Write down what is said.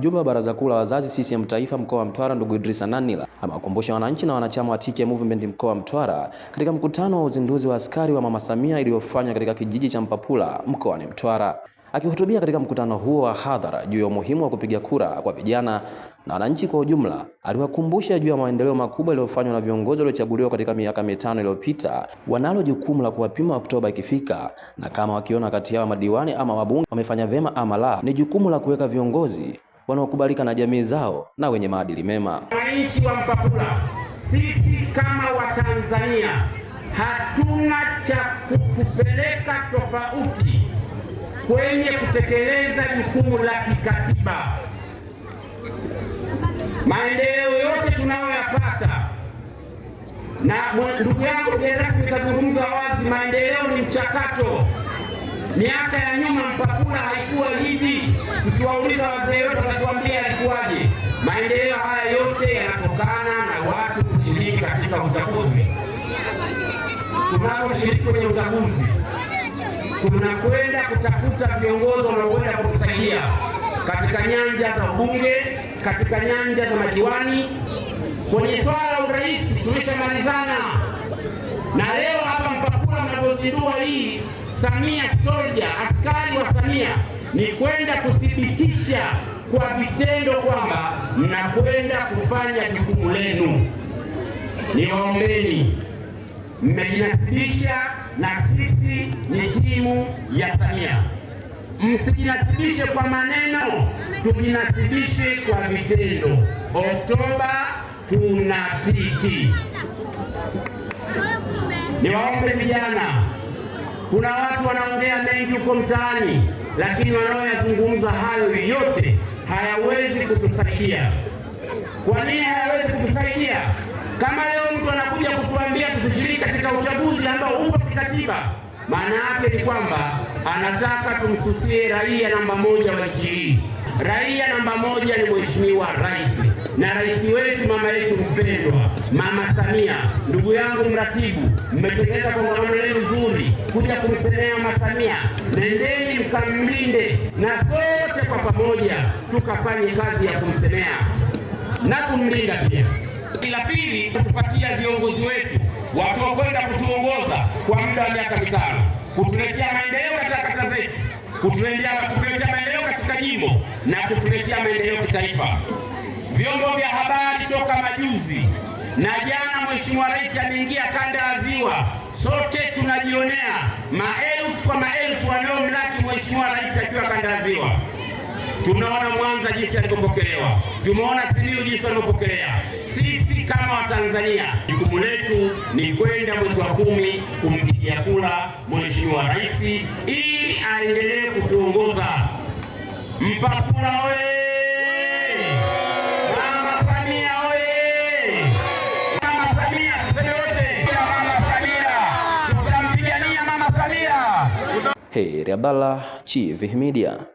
Mjumbe wa Baraza Kuu la Wazazi CCM Taifa mkoa wa Mtwara, ndugu Idrisa Nanila amewakumbusha wananchi na wanachama wa TK Movement mkoa wa Mtwara katika mkutano wa uzinduzi wa askari wa Mama Samia iliyofanywa katika kijiji cha Mpapula mkoani Mtwara. Akihutubia katika mkutano huo wa hadhara juu ya umuhimu wa kupiga kura kwa vijana na wananchi kwa ujumla, aliwakumbusha juu ya maendeleo makubwa yaliyofanywa na viongozi waliochaguliwa katika miaka mitano iliyopita. Wanalo jukumu la kuwapima Oktoba ikifika, na kama wakiona kati yao madiwani ama wabunge wamefanya vyema ama la, ni jukumu la kuweka viongozi wanaokubalika na jamii zao na wenye maadili mema. Wananchi wa Mpapula, sisi kama Watanzania hatuna cha kutupeleka tofauti kwenye kutekeleza jukumu la kikatiba. Maendeleo yote tunayoyapata, na ndugu yangu Gerasi kazungumza wazi, maendeleo ni mchakato Miaka ya nyuma Mpakula haikuwa hivi. Tukiwauliza wazee wote watatuambia alikuwaje. Maendeleo haya yote yanatokana na watu kushiriki katika uchaguzi. Tunaposhiriki kwenye uchaguzi, tunakwenda kutafuta viongozi wanaokwenda kutusaidia katika nyanja za ubunge, katika nyanja za madiwani. Kwenye swala la urais tumeshamalizana na leo hapa Mpakula mnapozindua hii Samia Soldier, askari wa Samia, ni kwenda kuthibitisha kwa vitendo kwamba mnakwenda kufanya jukumu lenu. Niwaombeni, mmejinasibisha na sisi ni timu ya Samia. Msijinasibishe kwa maneno, tujinasibishe kwa vitendo. Oktoba tunatiki. Niwaombe vijana kuna watu wanaongea mengi huko mtaani, lakini wanaoyazungumza hayo yote hayawezi kutusaidia. Kwa nini hayawezi kutusaidia? Kama leo mtu anakuja kutuambia tusishiriki katika uchaguzi ambao upo kikatiba, maana yake ni kwamba anataka tumsusie raia namba moja wa nchi hii. Raia namba moja ni mheshimiwa rais na rais wetu mama yetu mpendwa Mama Samia. Ndugu yangu mratibu, mmetengeneza kongamano lenu nzuri kuja kumsemea Mama Samia. Nendeni mkamlinde, na sote kwa pamoja tukafanye kazi ya kumsemea na kumlinda pia. La pili, kutupatia viongozi wetu watakwenda kutuongoza kwa muda wa miaka mitano, kutuletea maendeleo katika kata zetu, kutuletea maendeleo katika jimbo na kutuletea maendeleo kitaifa vyombo vya habari toka majuzi na jana, Mheshimiwa Rais ameingia kanda ya Ziwa, sote tunajionea maelfu kwa maelfu wanaomlaki Mheshimiwa Rais akiwa kanda ya Ziwa. Tumeona Mwanza jinsi alivyopokelewa, tumeona Simiyu jinsi alivyopokelea. Sisi kama Watanzania, jukumu letu ni kwenda mwezi wa kumi kumpigia kura Mheshimiwa Rais ili aendelee kutuongoza. Mpakula oye! Heri Abdallah, Chivihi Media.